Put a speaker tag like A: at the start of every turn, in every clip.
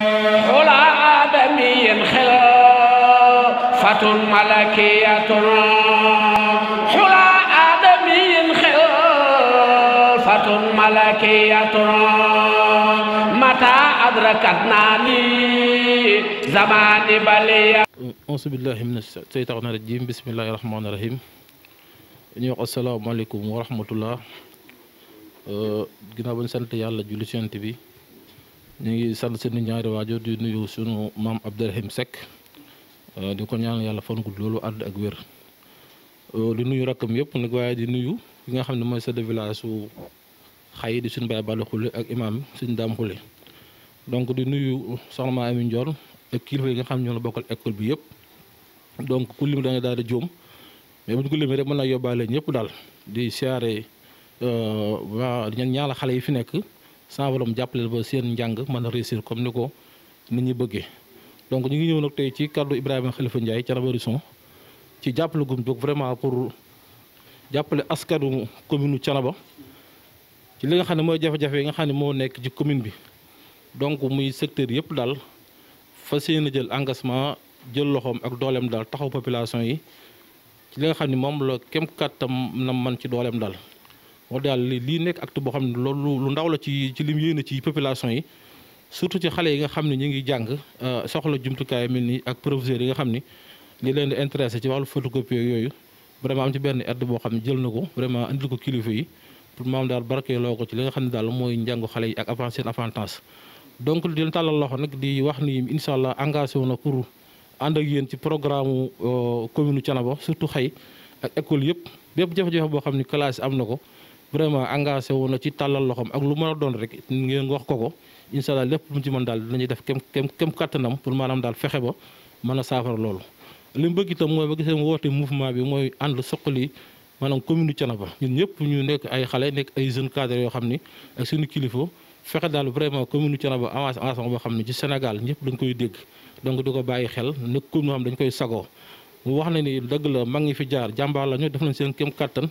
A: العالمين خلافة ملكية حلى آدمي خلافة ملكية متى أدركتناني زمان بلية أعوذ بالله من الشيطان الرجيم بسم الله الرحمن الرحيم ñu wax asalaamaaleykum wa rahmatullah ginnaaw ba ñu sant yàlla julli ci bi ñu ngi sant seen ñaari waajur di nuyu sunu maam Abdourahim Seck euh, di kon ñaanal yàlla fan gudd loolu àdd ak wér euh, di nuyu rakkam yëpp nag waaye di nuyu ki nga xam ne mooy de village su xay di suñu baay Balla ak imaam suñu daam donc di nuyu soxna ma Amin Ndiol ak kilifa yi nga xam ne ñoo la bokkal école bi yëpp donc ku lim da daal di jóom mais bu ñu ko limee rek mën naa yóbbaale ñëpp daal di siyaare euh, waa ñaan ñaala xale yi fi nekk. sans borom jàppaleel ba seen njàng mën a réussir comme ni ko nit ñi bëggee donc ñu ngi ñëw nag tey ci kàddu Ibrahima Khalifa Ndiaye ca Rabarisson ci jàppale gum jóg vraiment pour jàppale askanu commune Thiénaba ci li nga xam ne mooy jafe-jafe yi nga xam ne moo nekk ci commune bi donc muy secteur yëpp daal fas yéene jël engagement jël loxoom ak dooleem daal taxaw population yi ci li nga xam ne moom la kem kàttam na man ci dooleem daal wax daal lii nekk acte boo xam ne loolu lu ndaw la ci ci lim yéene ci population yi surtout ci xale yi nga xam ne ñu ngi jàng euh, soxla jumtukaay mel nii ak proviseurs yi nga xam ni li leen di intéressé ci wàllu photocopie yooyu vraiment am ci benn aide boo xam ne jël na ko vraiment indil ko kilifa yi pour maam daal barkeeloo ko ci li nga xam ne daal mooy njàngu xale yi ak avant seen avantage donc di leen tàllal loxo nag di wax ni incha allah engagé wu na pour ànd ak yéen ci programme euh, commune Thiénaba surtout xëy école yëpp bépp jafe boo xam ne classe am na ko. vraiment engagé wu na ci tàllal loxoom ak lu mën a doon rek ngeen wax ko ko incha allah lépp lu mu ci mën daal dinañuy def kem kem kem kattanam pour maanaam daal fexe ba mën a saafara loolu. li bëgg itam mooy ba gisee mu woote mouvement bi mooy ànd suqali maanaam commune Thiénaba ñun ñëpp ñu nekk ay xale nekk ay jeunes cadres yoo xam ni ak suñu kilifa. fexe daal vraiment commune Thiénaba avance avancement boo xam ne ci Sénégal ñëpp dañ koy dégg donc di ko bàyyi xel nekk commune boo xam koy sagoo mu wax na ni dëgg la mag ngi fi jaar jàmbaar la ñu def nañ seen kéem kattan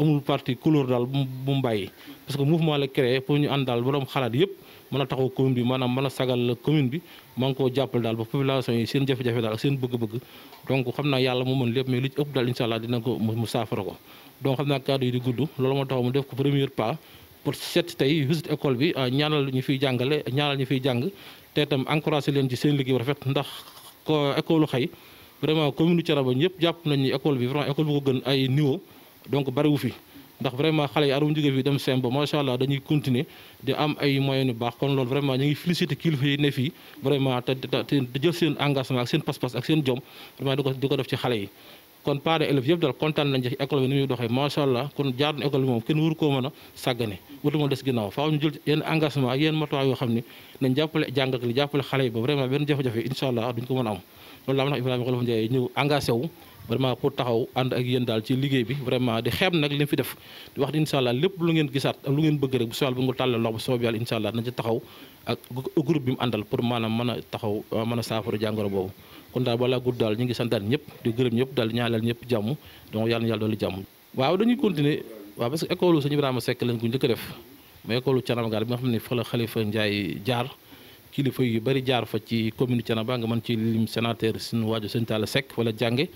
A: amul parti couleur dal bu mu parce que mouvement la créer pour ñu andal borom xalaat yépp mën a taxaw commune bi maanaam mën a sagal commune bi maa ngi koo jàppale daal ba population yi seen jafe-jafe daal ak seen bëgg-bëgg donc xam naa yàlla mu mën lépp mais li ci ëpp daal incha allah dina ko mu saafara ko donc xam naa kàddu yi di gudd loolu moo taxaw mu def ko premier pas pour set tey visite école bi ah, ñaanal ñu fiy jàngale ñaanal ñu fiy jàng te itam encouragé leen ci seen liggéey rafet ndax ko école xëy vraiment commune Thiénaba ñëpp jàpp ni école bi vraiment école bu ko gën ay niveau donc bariwu fi ndax vraiment xalé yi arum jogé fi dem sembo machallah dañuy continuer di am ay moyens yu baax kon lool vraiment ñu ngi féliciter kilifa yi ne fi vraiment te te jël seen engagement ak seen pas-pas ak seen jom vraiment diko ko def ci xalé yi kon parents élèves yëpp dal kontaan nañ ci école bi ni muy doxé machallah kon jaar na école bi moom kenn wuru koo mën a sàggane wuru moo des faaw ñu jël yenn engagement yeen yenn yo yoo xam jappalé nañ ak li jappalé xalé yi ba vraiment ben jafé jafé inshallah allah duñ ko mëna am loolu la mën a wax Ibrahima Khalifa Ndiaye ñëw engagé wu vraiment pour taxaw ànd ak yéen daal ci liggéey bi vraiment di xeeb nag li fi def di wax ni incha lépp lu ngeen gisaat ak lu ngeen bëgg rek bu soobee bu nga tàllal loxo bu soobee yàlla incha allah nañ ci taxaw ak maanaam mën a taxaw euh, mën a saafara jàngoro boobu kon daal balaa gudd daal ñu ngi sant daal ñëpp di gërëm ñëpp daal ñaanal ñëpp jàmm donc yàlla na yàlla dolli jàmm waaw dañuy continuer waaw parce que école sëñ Ibrahima Seck lañ ko njëkk def mais école Thiénaba bi nga xam ne fa la Khalifa jaar kilifa yu bari jaar fa ci commune Thiénaba nga mën ci lim sénateur suñu waaju sëñ Talla Seck wala jànge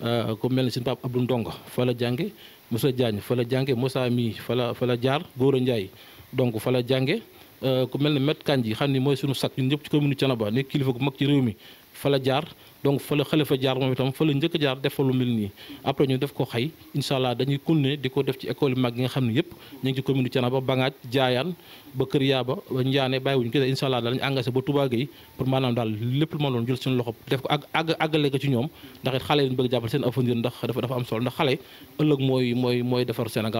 A: Euh, ku mel ne seen papa Abdou Ndongo fa la jànge Moussa Diagne fa la jànge Moussa mii fa la fa la jaar Gora Ndiaye donc fa la jànge euh, ku mel ne Maître Kandji xam ni mooy sunu sakk ñun ñëpp ci commune Thiénaba nekk kilifa gu mag ci réew mi fa la jaar donc fa la fa jaar moom itam fa la njëkk jaar def fa lu mel nii après ñu def ko xay incha dañuy continuer di ko def ci école yi mag yi nga xam ne yëpp ñu ngi ci loxo def ko àgg àggale ko ci ñoom ndax it xale yi ñu bëgg jàppal seen avenir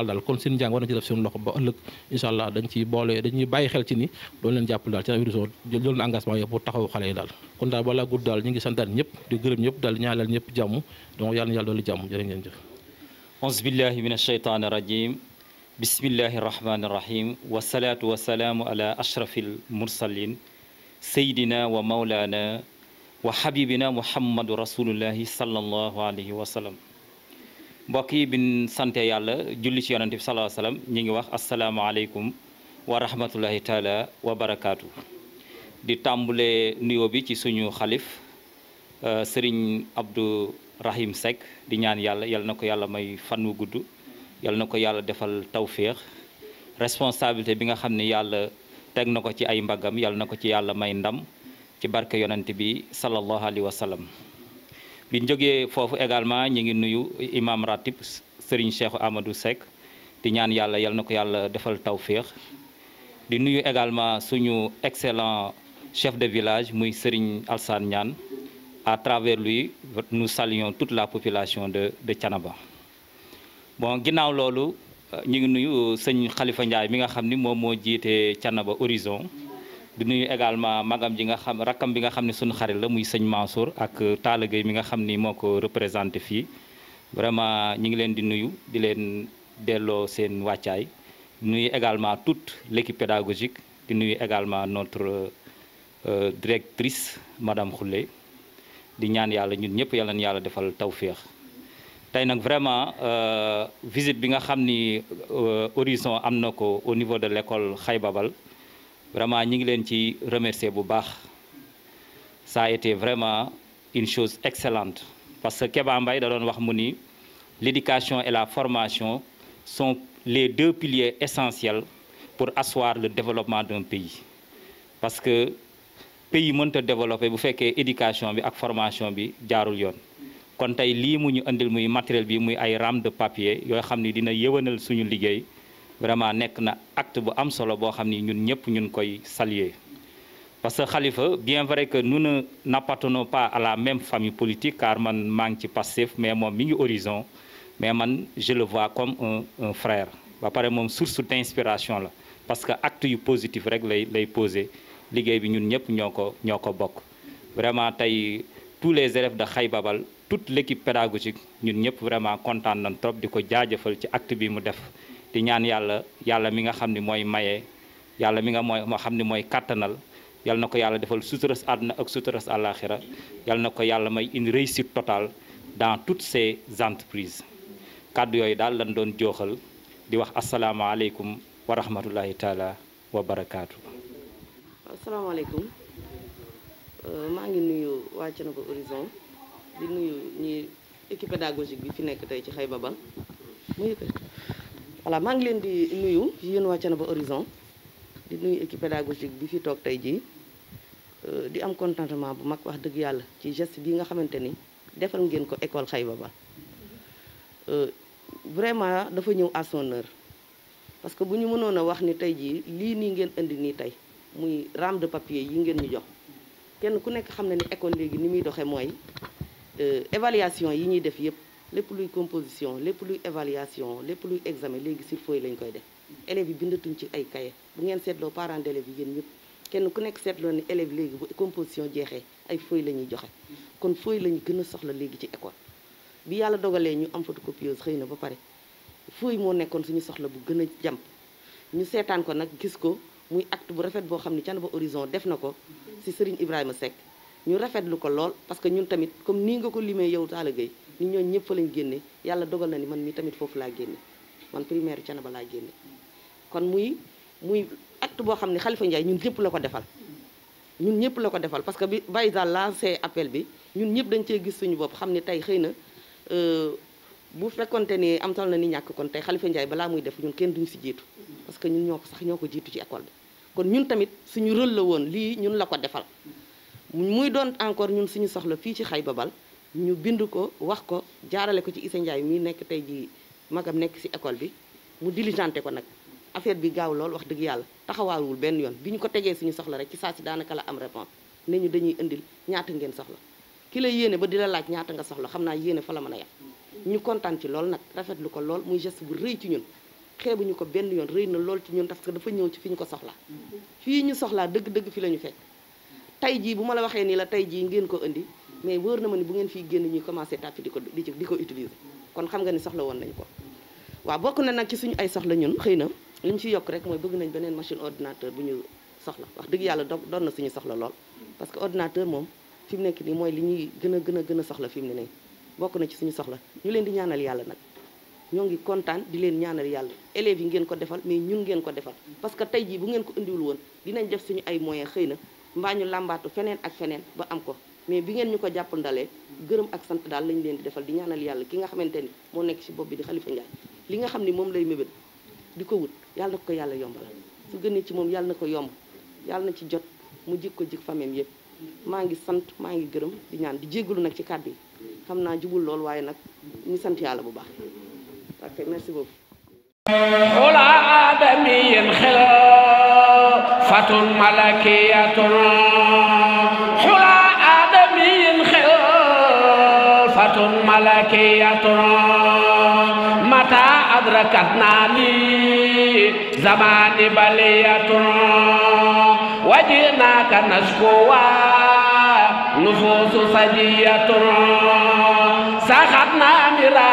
A: daal kon seen njàng war nañ ci def suñu loxo ba ëllëg incha allah dañ ciy boole dañuy bàyyi xel ci ni doon leen jàppal daal Thiénaba Vision jël na engagement yëpp pour taxaw xale yi daal kon daal balaa gudd daal ñu ngi santaan ñëpp ñëpp di gërëm ñëpp daal di ñaanal ñëpp jàmm donc yàlla na yàlla dolli jàmm jërë ngeen jëf
B: auzu billahi min asheytaani rajim bismillahi rahmaani rahim wasalaatu wasalaamu ala ashrafil mursalin sayidina wa maulana wa mbokk yi bin sante yàlla julli ci yonante bi sallallahu alayhi wa ñi ngi wax asalaamaaleykum wa rahmatullahi taala wa barakaatu di tàmbale nuyoo bi ci suñu xalif Euh, sëriñ abdu Rahim Seck di ñaan yàlla yal na ko yàlla may fan wu gudd yal na ko yàlla defal tawféex responsabilité bi nga xam ne yàlla teg na ko ci ay mbagam yal na ko ci yàlla may ndam ci barke yonent bi sallallahu alayhi wa sallam biñ foofu également ñu ngi nuyu imam ratib sëriñ Cheikh Amadou Seck di ñaan yàlla yal na ko yàlla defal tawféex di nuyu également suñu excellent chef de village muy sëriñ Alsaan Ñaan à travers lui nous saluons toute la population de de Thiénaba bon ginnaaw loolu euh, ñu ngi nuyu euh, sëñ Khalifa Ndiaye mi nga xam ni moom moo jiite Horizon di nuyu également magam ji nga xam rakkam bi nga xam ne suñu xarit la muy sëñ Mansour ak euh, Talla mi nga xam ni moo ko représenté vraiment ñu ngi leen di nuyu di leen delloo seen wàccaay nuyu également toute l'équipe pédagogique di nuyu également notre directrice madame Khoule di ñaan yalla ñun ñëpp yalla ñu yalla défal tawfiq tay nak vraiment euh, visite bi nga xamni euh, Horizon au niveau de l'école Khaye vraiment ñi ngi leen ci remercier bu baax ça a été vraiment une chose excellente parce que Kéba Mbaye da doon wax mu ni l'éducation et la formation sont les deux piliers essentiels pour asseoir le développement d'un pays parce que pays mënta développé bu fekkee éducation bi ak formation bi jaarul yoon kon tey lii mu ñu andil muy matériel bi muy ay rame de papier yoo xam ni dina yëwanal suñu liggéey vraiment nekk na acte bu am solo boo xam ni ñun ñëpp ñun koy saluer parce que Khalifa bien vrai que nous n'appartenons pas à la même famille politique car man maa ngi ci mais moom mi ngi Horizon mais man je le vois comme un un frère ba pare moom source d'inspiration la parce que acte yu positif rek lay lay poser liggéey bi ñun ñëpp ñoo ko ñoo ko bokk vraiment tey tous les élèves de Xay Babal toute l'équipe pédagogique ñun ñëpp vraiment kontaan nañ trop di ko jaajëfal ci act bi mu def di ñaan yàlla yàlla mi nga xam ni mooy maye yàlla mi nga mooy moo xam ne mooy kàttanal yal na ko yàlla defal suturas àdduna ak suturas àllaaxira yal na ko yàlla may une réussite totale dans toutes ces entreprises kàddu yooyu daal lañ doon jooxal di wax asalaamaaleykum wa rahmatullahi taala
C: asalaamaaleykum euh, maa ngi nuyu wàcc na Thiénaba Horizon di nuyu ñi équipe pédagogique bi fi nekk tey ci Xayba Ba muy voilà maa ngi leen di nuyu wàcc na ba Horizon di nuyu équipe pédagogique bi fi toog tey jii euh, di am contentement bu mag wax dëgg yàlla ci gest bi nga xamante ni defal ngeen ko école Xayba Ba euh, vraiment dafa ñëw à parce que bu ñu mënoon a wax ni tey jii lii nii ngeen indi nii tey muy ram de papier yi ngeen ñu jox kenn ku nekk xam na ni école léegi ni muy doxee mooy euh, évaluation yi ñuy def yépp lépp luy composition lépp luy évaluation lépp luy examen léegi sur feuille lañ koy def élèves yi bindatuñ ci ay cahier bu ngeen seetloo parents d'élèves yi yéen ñëpp kenn ku nekk seetloo ni élève léegi bu composition jeexee ay feuille la ñuy joxe kon feuille lañu gën a soxla léegi ci école bi yàlla dogalee ñu am photocopieuse xëy na ba pare feuille moo nekkoon suñu soxla bu gën a jàmp ñu seetaan ko nag gis ko muy act bu rafet boo xam ni Thiénaba Horizon def na ko ci Serigne Ibrahima Seck ñu rafetlu ko lool parce que ñun tamit comme nii nga ko limee yow Talla Gueye ñooñ ñooñu ñëpp fa lañ génne dogal na ni man mii tamit foofu laa génne man primaire Thiénaba laa génne kon muy muy acte boo xam ne Khalifa Ndiaye ñun ñëpp la ko defal ñun ñëpp la ko defal parce que bi Baye Zal lancé appel bi ñun ñëpp dañ cee gis suñu bopp xam ne tey xëy na euh, bu fekkonte ni am tal na ni ñàkk kon tey Khalifa Ndiaye balaa muy def ñun kenn duñu si jiitu parce que ñun ñoo ko sax ñoo ko jiitu ci école bi kon ñun tamit suñu rôle la woon lii ñun la ko defal muy doon encore ñun suñu soxla fii ci Xay Babal ñu bind ko wax ko jaarale ko ci Issa Ndiaye mi nekk tey jii magam nekk si école bi mu diligenté ko nag affaire bi gaaw lool wax dëgg yàlla taxawaawul benn yoon bi ñu ko tegee suñu soxla rek ci saa si daanaka la am réponse ne ñu dañuy indil ñaata ngeen soxla ki la yéene ba di la laaj ñaata nga soxla xam naa yéene fa la mën a yem ñu kontaan ci lool nag rafetlu ko lool muy geste bu ci ñun xeebuñu ko benn yoon rëy na lool ci ñun parce que dafa ñëw ci fi ñu ko soxla fii ñu soxlaa dëgg-dëgg fi la ñu fekk tey jii bu ma la waxee nii la tey jii ngeen ko indi mais wóor na ma ni bu ngeen fii génn ñu commencé tàppi di ko di di ko utiliser kon xam nga ni soxla woon nañ ko waaw bokk na nag ci suñu ay soxla ñun xëy na li ñu ci yokk rek mooy bëgg nañ beneen machine ordinateur bu ñu soxla wax dëgg yàlla do doon na suñu soxla lool parce que ordinateur moom fi mu nekk mooy li ñuy gën a gën a gën a fi mu ne nii bokk na ci suñu soxla ñu leen di ñaanal yàlla nag ñoo ngi kontaan di leen ñaanal yàlla élèves yi ngeen ko defal mais ñun ngeen ko defal parce que tey bu ngeen ko indiwul woon dinañ def suñu ay moyens xëy na mbaa ñu làmbaatu feneen ak feneen ba am ko mais bi ngeen ñu ko jàpp ndalee gërëm ak sant daal lañ leen di defal di ñaanal yàlla ki nga xamante ni moo nekk ci bopp bi di Khalifa Ndiaye li nga xam ni moom lay mébét di ko wut yàlla na ko yàlla yombalal su gënee ci moom yàlla na ko yomb yàlla na ci jot mu jik ko jig famem yëpp maa ngi sant maa ngi gërëm di ñaan di jéggalu nag ci kàddu yi xam naa jubul lool waaye nag ñu sant yàlla bu baax merci beaucoup.
A: ملكية متى أدركتنا لي زمان بلية وجئناك نشكوى نفوس صدية سخطنا مرا